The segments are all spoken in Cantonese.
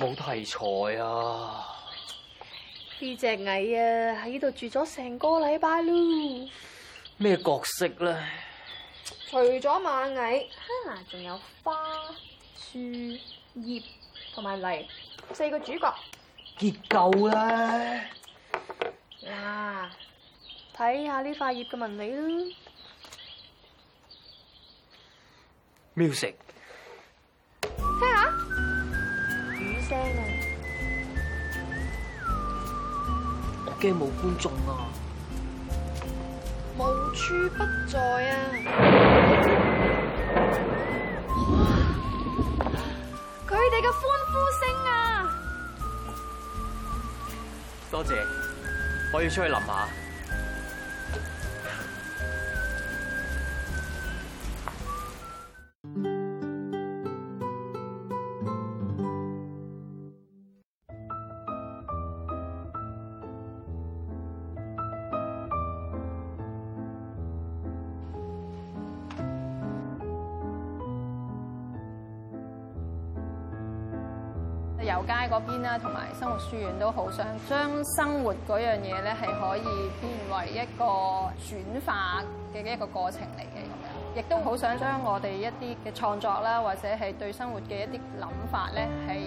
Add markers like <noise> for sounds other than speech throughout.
冇題材啊！呢隻蟻啊，喺呢度住咗成個禮拜咯。咩角色呢？除咗螞蟻，哈，仲有花、樹葉同埋泥四個主角。結構啦。嗱、啊，睇下呢塊葉嘅紋理啦。Music，睇下。驚啊！我驚冇觀眾啊！無處不在啊！佢哋嘅歡呼聲啊！多謝，我要出去諗下。住完都好想將生活嗰樣嘢咧，係可以變為一個轉化嘅一個過程嚟嘅咁樣。亦都好想將我哋一啲嘅創作啦，或者係對生活嘅一啲諗法咧，係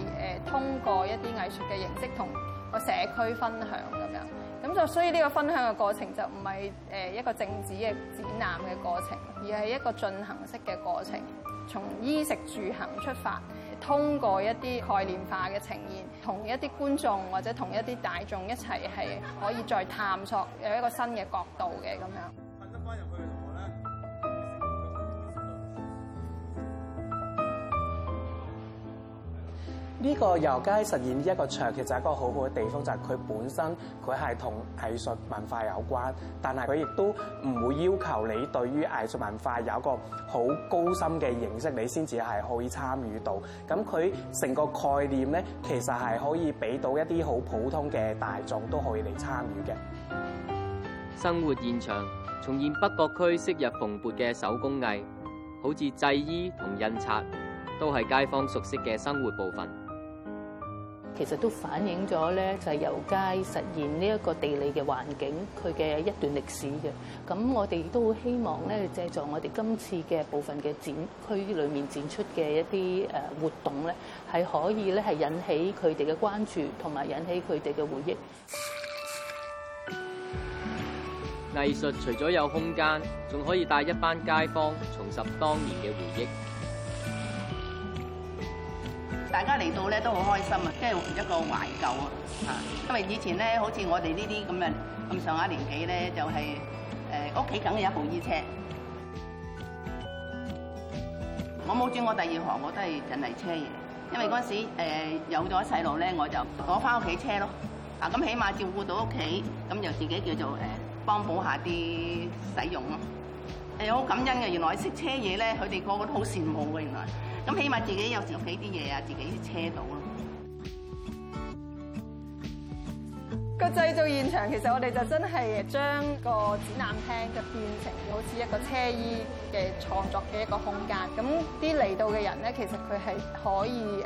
誒通過一啲藝術嘅形式同個社區分享咁樣。咁就所以呢個分享嘅過程就唔係誒一個靜止嘅展覽嘅過程，而係一個進行式嘅過程，從衣食住行出發。通過一啲概念化嘅呈現，同一啲觀眾或者同一啲大眾一齊係可以再探索有一個新嘅角度嘅咁樣得翻入去。呢個遊街實現呢一個場，其實係一個好好嘅地方，就係、是、佢本身佢係同藝術文化有關，但係佢亦都唔會要求你對於藝術文化有一個好高深嘅認識，你先至係可以參與到。咁佢成個概念呢，其實係可以俾到一啲好普通嘅大眾都可以嚟參與嘅生活現場，重現北角區昔日蓬勃嘅手工藝，好似製衣同印刷，都係街坊熟悉嘅生活部分。其實都反映咗咧，就係油街實現呢一個地理嘅環境，佢嘅一段歷史嘅。咁我哋亦都好希望咧，借助我哋今次嘅部分嘅展區裏面展出嘅一啲誒活動咧，係可以咧係引起佢哋嘅關注，同埋引起佢哋嘅回憶。藝術除咗有空間，仲可以帶一班街坊重拾當年嘅回憶。大家嚟到咧都好開心啊，即係一個懷舊啊，嚇！因為以前咧，好似我哋呢啲咁嘅咁上下年紀咧，就係誒屋企梗嘅一部衣車。 <music> 我冇轉過第二行，我都係人嚟車嘢，因為嗰陣時有咗細路咧，我就攞翻屋企車咯。啊，咁起碼照顧到屋企，咁又自己叫做誒幫補一下啲使用咯。誒，好感恩嘅，原來識車嘢咧，佢哋個個都好羨慕嘅，原來。咁起碼自己有自己啲嘢啊，自己車到咯。個製造現場其實我哋就真係將個展覽廳就變成好似一個車衣嘅創作嘅一個空間。咁啲嚟到嘅人咧，其實佢係可以誒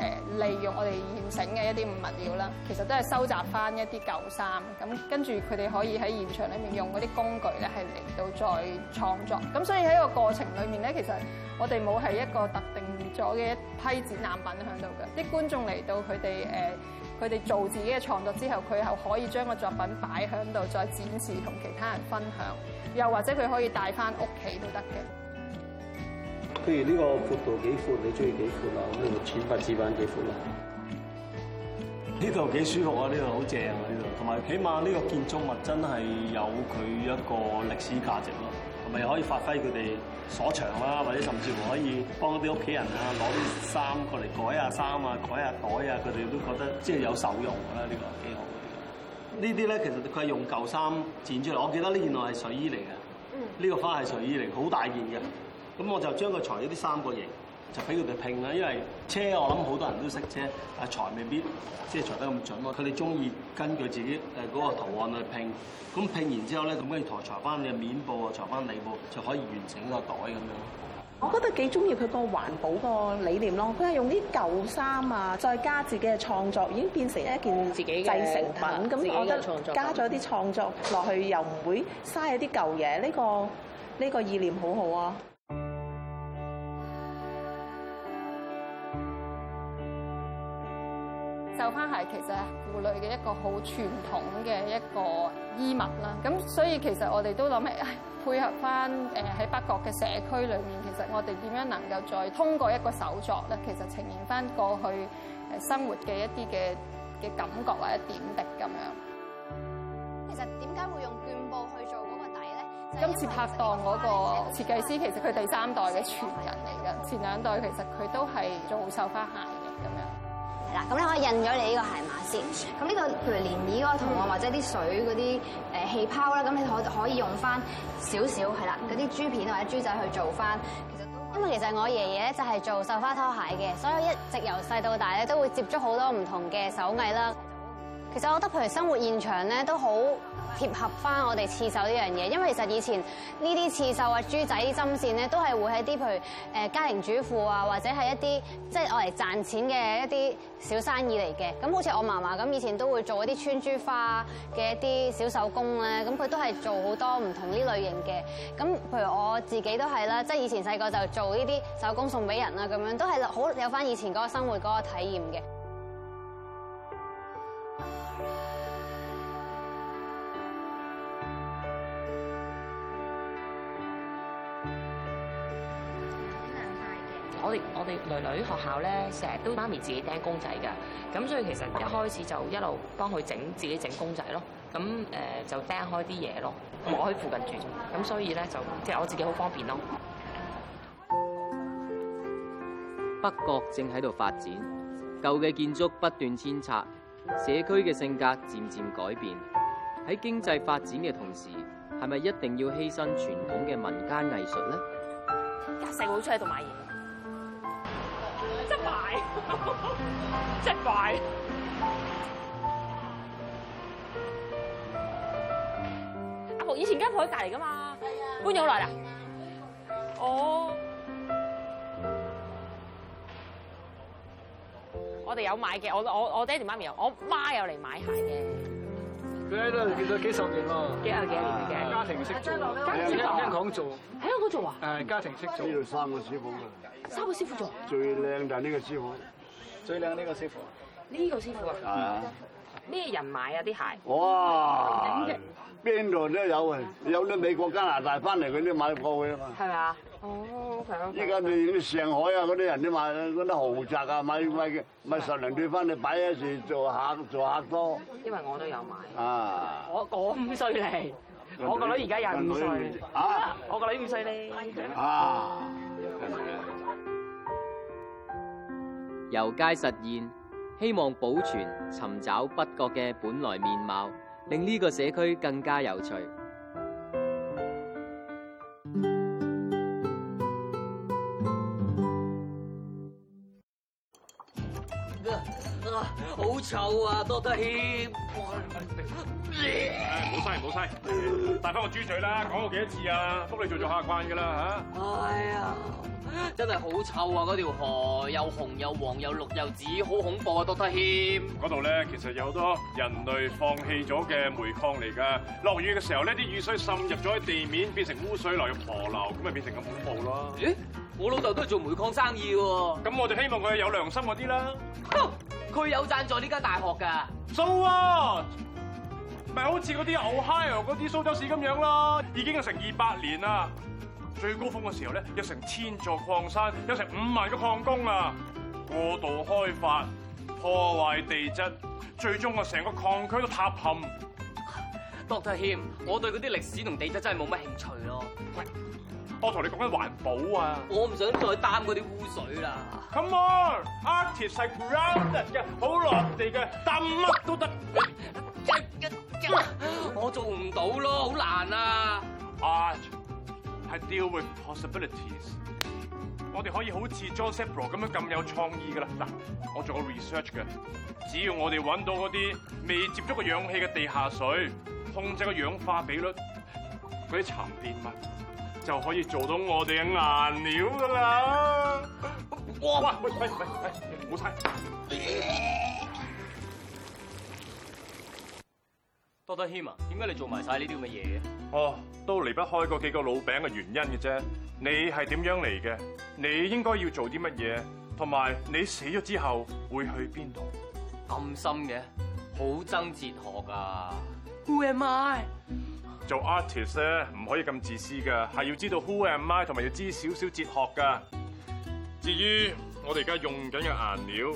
利用我哋現成嘅一啲物料啦。其實都係收集翻一啲舊衫。咁跟住佢哋可以喺現場裏面用嗰啲工具咧，係嚟到再創作。咁所以喺個過程裏面咧，其實我哋冇係一個特定咗嘅一批展覽品喺度嘅。啲觀眾嚟到佢哋誒佢哋做自己嘅創作之後，佢又可以將個作品擺響度再展示同其他人分享，又或者佢可以帶翻屋企都得嘅。譬如呢個闊度幾闊，你中意幾闊啊？呢個淺白紙板幾闊啊？呢度幾舒服啊？呢度好正啊！呢度，同埋起碼呢個建築物真係有佢一個歷史價值。咪可以發揮佢哋所長啦，或者甚至乎可以幫一啲屋企人啊，攞啲衫過嚟改下衫啊，改下袋啊，佢哋都覺得即係有手用啦，呢個幾好嘅。呢啲咧其實佢係用舊衫剪出嚟，我記得呢件係水衣嚟嘅，呢個花係水衣嚟，好大件嘅，咁我就將佢裁咗啲三角形。就俾佢哋拼啦，因為車我諗好多人都識車，啊，裁未必即係裁得咁準咯。佢哋中意根據自己誒嗰個圖案去拼，咁拼完之後咧，咁跟住台裁翻你嘅面布，啊，裁翻裏布，就可以完成一個袋咁樣。我覺得幾中意佢個環保個理念咯。佢係用啲舊衫啊，再加自己嘅創作，已經變成一件成自己嘅製成品。咁我覺得加咗啲創作落去又唔會嘥一啲舊嘢。呢個呢個意念好好啊！繡花鞋其實係婦女嘅一個好傳統嘅一個衣物啦，咁所以其實我哋都諗起，配合翻誒喺北角嘅社區裏面，其實我哋點樣能夠再通過一個手作咧，其實呈現翻過去誒生活嘅一啲嘅嘅感覺或者點滴咁樣。其實點解會用絹布去做嗰個底咧？今次拍檔嗰個設計師其實佢第三代嘅傳人嚟嘅，前兩代其實佢都係做繡花鞋。嗱，咁、這個嗯、你可以印咗你呢個鞋碼先。咁呢個譬如漣漪嗰個圖案，或者啲水嗰啲氣泡啦，咁你可可以用翻少少係啦，嗰啲珠片或者珠仔去做翻。其實都因為其實我爺爺咧就係做繡花拖鞋嘅，所以一直由細到大咧都會接觸好多唔同嘅手藝啦。其實我覺得，譬如生活現場咧，都好貼合翻我哋刺繡呢樣嘢，因為其實以前呢啲刺繡啊、珠仔、針線咧，都係會喺啲譬如誒家庭主婦啊，或者係一啲即係我嚟賺錢嘅一啲小生意嚟嘅。咁好似我嫲嫲咁，以前都會做一啲穿珠花嘅一啲小手工咧，咁佢都係做好多唔同呢類型嘅。咁譬如我自己都係啦，即係以前細個就做呢啲手工送俾人啦，咁樣都係好有翻以前嗰個生活嗰個體驗嘅。我哋我哋女女學校咧，成日都媽咪自己釘公仔噶，咁所以其實一開始就一路幫佢整，自己整公仔咯。咁誒就釘開啲嘢咯，同我喺附近住，咁所以咧就即係、就是、我自己好方便咯。北角正喺度發展，舊嘅建築不斷遷拆。社區嘅性格漸漸改變，喺經濟發展嘅同時，係咪一定要犧牲傳統嘅民間藝術咧？成日、啊、會出喺度買嘢，即係買，即係買。阿婆以前間鋪喺隔離噶嘛，搬咗好耐啦。哦。我哋有買嘅，我我我爹哋媽咪有，我媽有嚟買鞋嘅。佢喺度做咗幾十年咯。幾啊幾年嘅家庭式做。跟住點解做？喺香港做啊？誒，家庭式做呢度三個師傅㗎。三個師傅做？最靚就係呢個師傅，最靚呢個師傅。呢個師傅啊？係啊。咩人買啊？啲鞋？哇！邊度都有啊！有啲美國加拿大翻嚟佢都買過嘅嘛。係咪啊。哦，依家你上海啊嗰啲人都買得豪宅啊，買買嘅買十零套翻嚟擺一處做客做客多，因為我都有買，啊、我咁犀利，我個女而家廿五歲，我個女咁犀利啊！油街實現，希望保存、尋找北角嘅本來面貌，令呢個社區更加有趣。臭啊，多得謙！唉，唔好嘥，唔好嘥，帶翻個豬嘴啦！講過幾多次啊？复你做咗下慣噶啦吓！哎呀，真係好臭啊！嗰條河又紅又黃又綠又紫，好恐怖啊！多得謙，嗰度咧其實有好多人類放棄咗嘅煤礦嚟噶。落雨嘅時候呢，啲雨水滲入咗喺地面，變成污水流入河流，咁咪變成咁恐怖咯？咦、欸，我老豆都係做煤礦生意喎。咁我就希望佢有良心嗰啲啦。啊佢有贊助呢間大學㗎，So 啊，咪好似嗰啲 Ohio 嗰啲蘇州市咁樣啦，已經有成二百年啦，最高峰嘅時候咧有成千座礦山，有成五萬個礦工啊，過度開發破壞地質，最終啊成個礦區都塌陷。Doctor 謙，我對嗰啲歷史同地質真係冇乜興趣咯。喂！我同你講緊環保啊！我唔想再擔嗰啲污水啦。Come on，artist is grounded 嘅，好落地嘅，擔乜都得。我做唔到咯，好難啊。Art，係 deal with possibilities。我哋可以好似 Joseph Pro 咁樣咁有創意噶啦。嗱，我做個 research 嘅，只要我哋揾到嗰啲未接觸過氧氣嘅地下水，控制個氧化比率，嗰啲沉澱物。就可以做到我哋嘅顏料噶啦！哇喂，喂，喂，唔好踩！多得謙啊，點解你做埋晒呢啲咁嘅嘢嘅？哦，都離不開嗰幾個老餅嘅原因嘅啫。你係點樣嚟嘅？你應該要做啲乜嘢？同埋你死咗之後會去邊度？咁深嘅，好憎哲學啊 Who am I？做 artist 咧，唔可以咁自私㗎，係要知道 who am I 同埋要知少少哲學㗎。至於我哋而家用緊嘅顏料，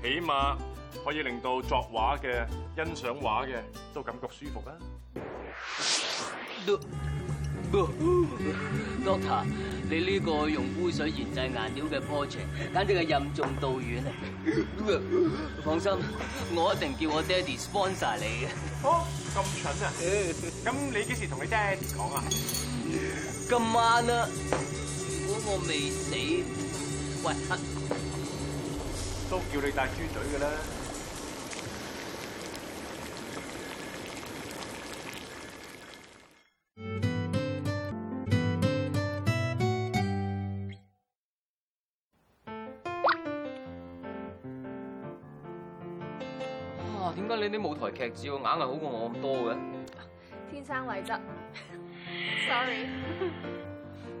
起碼可以令到作畫嘅、欣賞畫嘅都感覺舒服啦、嗯。Doctor，你呢個用污水研製顏料嘅 project，簡直係任重道遠啊！放心，我一定叫我爹哋 sponsor 你嘅。哦，咁蠢啊！咁你幾時同你爹哋講啊？咁晚啦！如果我未死，喂，黑都叫你帶豬嘴噶啦。劇照硬係好過我咁多嘅，天生麗質。Sorry，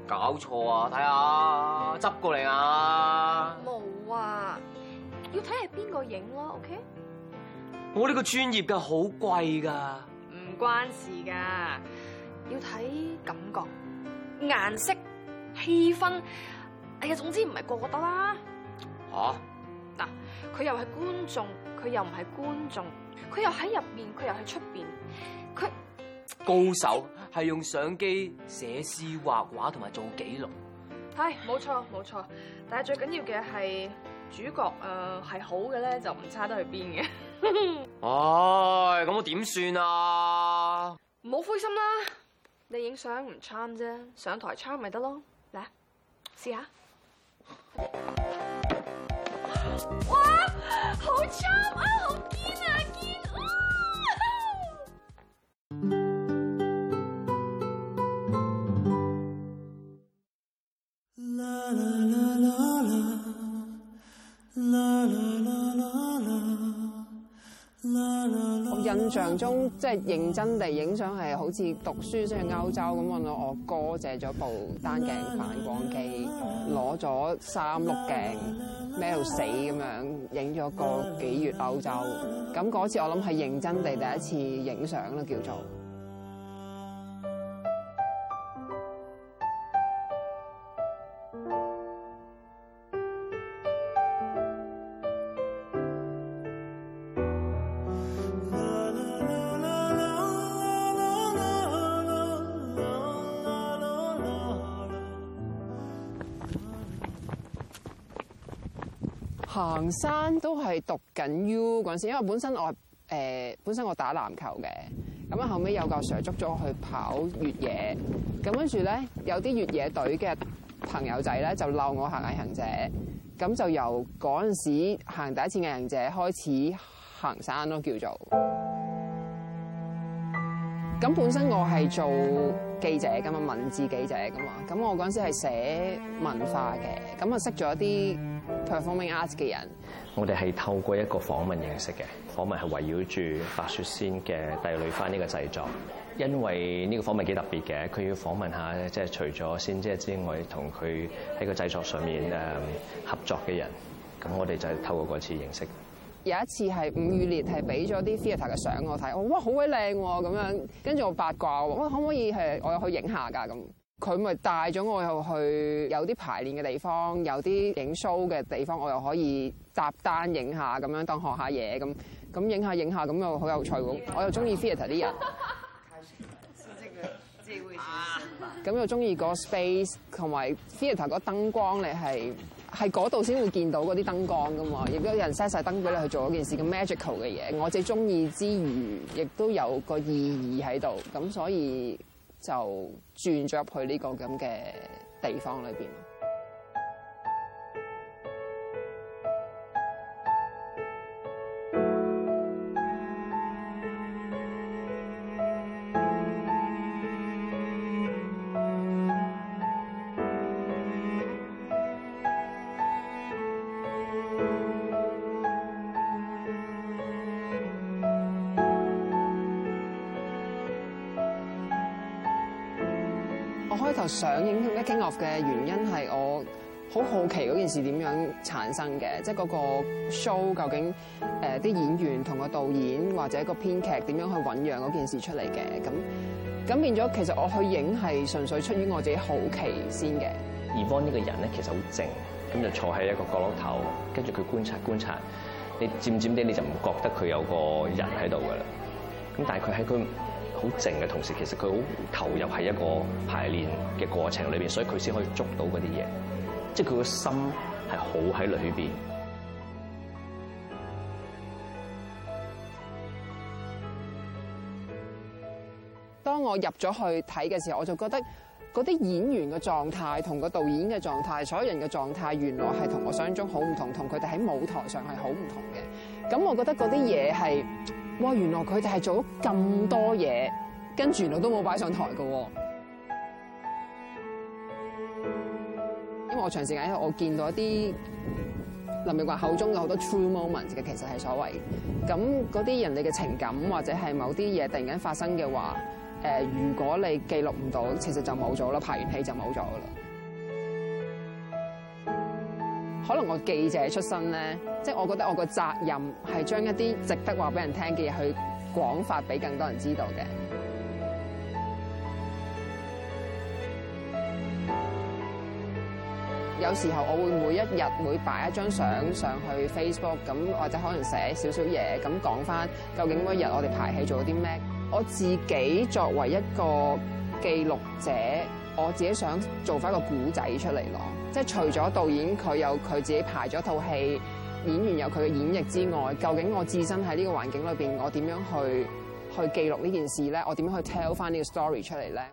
搞錯啊！睇下執過嚟啊！冇啊，要睇係邊個影咯。OK，我呢個專業嘅好貴㗎，唔關事㗎，要睇感覺、顏色、氣氛。哎呀，總之唔係過得啦。吓、啊，嗱，佢又係觀眾，佢又唔係觀眾。佢又喺入邊，佢又喺出邊，佢高手係用相機寫詩、畫畫同埋做記錄。係，冇錯冇錯，但係最緊要嘅係主角誒係、呃、好嘅咧，就唔差得去邊嘅、哎。哦，咁我點算啊？唔好灰心啦，你影相唔參啫，上台參咪得咯，嚟啊，試下。哇！印象中，即係認真地影相，係好似讀書先去歐洲咁。揾到我哥借咗部單鏡反光機，攞咗三碌鏡孭到死咁樣，影咗個幾月歐洲。咁嗰次我諗係認真地第一次影相啦，叫做。行山都係讀緊 U 嗰陣時，因為本身我係、呃、本身我打籃球嘅，咁啊後尾有個 Sir 捉咗我去跑越野，咁跟住咧有啲越野隊嘅朋友仔咧就鬧我行毅行者，咁就由嗰陣時行第一次毅行者開始行山咯，叫做。咁本身我係做記者，咁啊文字記者㗎嘛，咁我嗰陣時係寫文化嘅，咁啊識咗一啲。performing arts 嘅人，我哋係透過一個訪問認識嘅。訪問係圍繞住白雪仙嘅帝女花呢個製作，因為呢個訪問幾特別嘅，佢要訪問下即係除咗仙姐之外，同佢喺個製作上面誒、呃、合作嘅人。咁我哋就係透過嗰次認識。有一次係伍裕蓮係俾咗啲 theater 嘅相我睇，哇好鬼靚喎咁樣，跟住我八卦喎，可唔可以係我又去影下㗎咁？佢咪帶咗我又去有啲排練嘅地方，有啲影 show 嘅地方，我又可以搭單影下咁樣當學下嘢咁，咁影下影下咁又好有趣喎。我又中意 theatre 啲人，即咁又中意個 space 同埋 theatre 個燈光，你係喺嗰度先會見到嗰啲燈光噶嘛？亦都有人 set 晒燈俾你去做嗰件事嘅 magical 嘅嘢。我最中意之餘，亦都有個意義喺度，咁所以。就轉咗入去呢個咁嘅地方裏邊。開頭上映《The King of》嘅原因係我好好奇嗰件事點樣產生嘅，即係嗰個 show 究竟誒啲、呃、演員同個導演或者個編劇點樣去醞釀嗰件事出嚟嘅，咁咁變咗其實我去影係純粹出於我自己好奇先嘅。而 a 呢個人咧其實好靜，咁就坐喺一個角落頭，跟住佢觀察觀察，你漸漸啲你就唔覺得佢有個人喺度噶啦，咁但係佢喺佢。好靜嘅同時，其實佢好投入喺一個排練嘅過程裏邊，所以佢先可以捉到嗰啲嘢。即係佢個心係好喺裏邊。當我入咗去睇嘅時候，我就覺得嗰啲演員嘅狀態同個導演嘅狀態，所有人嘅狀態，原來係同我想像中好唔同，同佢哋喺舞台上係好唔同嘅。咁我覺得嗰啲嘢係。哇！原來佢哋係做咗咁多嘢，跟住原來都冇擺上台嘅。因為我長時間我見到一啲林奕華口中有好多 true moments 嘅，其實係所謂。咁嗰啲人哋嘅情感或者係某啲嘢突然間發生嘅話，誒、呃，如果你記錄唔到，其實就冇咗啦。排完戲就冇咗噶啦。可能我記者出身咧，即係我覺得我個責任係將一啲值得話俾人聽嘅嘢去廣發俾更多人知道嘅。有時候我會每一日會擺一張相上去 Facebook，咁或者可能寫少少嘢，咁講翻究竟嗰一日我哋排戲做咗啲咩？我自己作為一個記錄者，我自己想做翻個古仔出嚟咯。即係除咗導演佢有佢自己排咗套戲，演員有佢嘅演繹之外，究竟我自身喺呢個環境裏邊，我點樣去去記錄呢件事咧？我點樣去 tell 翻呢個 story 出嚟咧？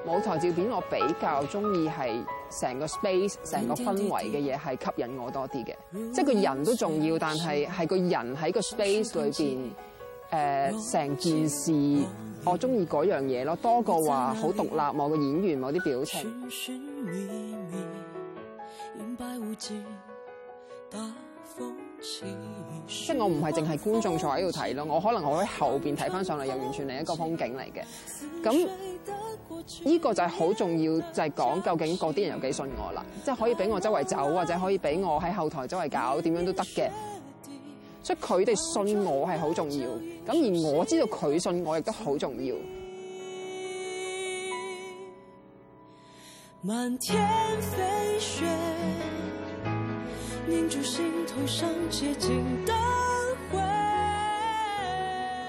<music> 舞台照片，我比較中意係。成個 space、成個氛圍嘅嘢係吸引我多啲嘅，即係個人都重要，但係係個人喺個 space 裏邊，誒、呃、成件事，我中意嗰樣嘢咯，多過話好獨立，某個演員某啲表情。即係我唔係淨係觀眾坐喺度睇咯，我可能我喺後邊睇翻上嚟又完全另一個風景嚟嘅，咁。呢個就係好重要，就係、是、講究竟嗰啲人有幾信我啦，即係可以俾我周圍走，或者可以俾我喺後台周圍搞，點樣都得嘅。所以佢哋信我係好重要，咁而我知道佢信我亦都好重要。嗯、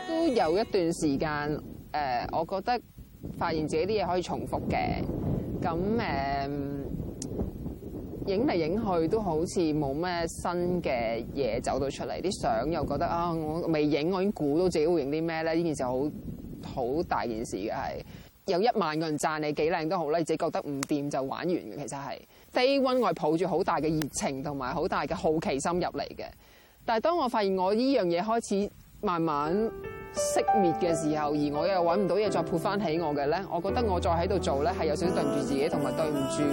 都有一段時間，誒、呃，我覺得。發現自己啲嘢可以重複嘅，咁誒，影嚟影去都好似冇咩新嘅嘢走到出嚟，啲相又覺得啊，我未影我已經估到自己會影啲咩咧，呢件事好好大件事嘅係，有一萬個人讚你幾靚都好啦，你自己覺得唔掂就玩完。其實係 Day One 我係抱住好大嘅熱情同埋好大嘅好奇心入嚟嘅，但係當我發現我呢樣嘢開始慢慢。熄滅嘅時候，而我又揾唔到嘢再潑翻起我嘅，咧，我覺得我再喺度做咧係有少少對唔住自己，同埋對唔住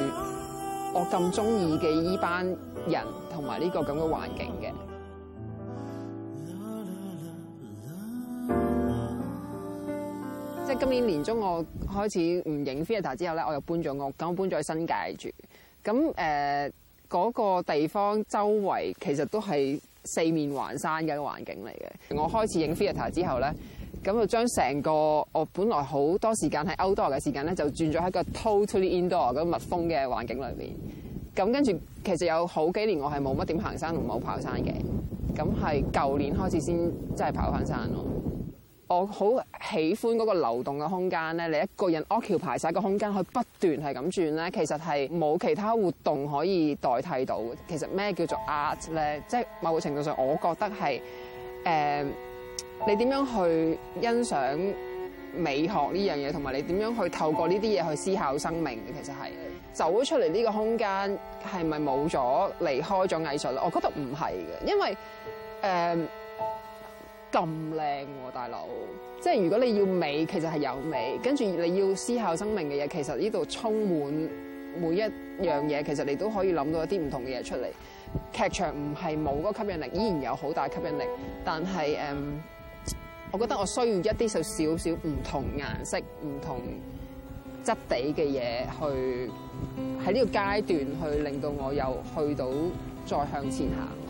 我咁中意嘅呢班人同埋呢個咁嘅環境嘅。即係今年年中我開始唔影 fit 之後咧，我又搬咗屋，咁我搬咗去新界住。咁誒，嗰、呃嗰個地方周圍其實都係。四面環山嘅一個環境嚟嘅，我開始拍影 Theatre 之後咧，咁就將成個我本來好多時間喺 Outdoor 嘅時間咧，就轉咗喺個 totally indoor 咁密封嘅環境裏邊。咁跟住其實有好幾年我係冇乜點行山同冇跑山嘅，咁係舊年開始先即係跑翻山咯。我好喜歡嗰個流動嘅空間咧，你一個人 occupy 晒個空間，佢不斷係咁轉咧，其實係冇其他活動可以代替到嘅。其實咩叫做 art 咧？即係某個程度上，我覺得係誒、呃，你點樣去欣賞美學呢樣嘢，同埋你點樣去透過呢啲嘢去思考生命嘅，其實係走出嚟呢個空間係咪冇咗離開咗藝術咧？我覺得唔係嘅，因為誒。呃咁靚喎，大佬！即係如果你要美，其實係有美。跟住你要思考生命嘅嘢，其實呢度充滿每一樣嘢，嗯、其實你都可以諗到一啲唔同嘅嘢出嚟。劇場唔係冇個吸引力，依然有好大吸引力。但係、嗯、我覺得我需要一啲就少少唔同顏色、唔同質地嘅嘢，去喺呢個階段去令到我又去到再向前行。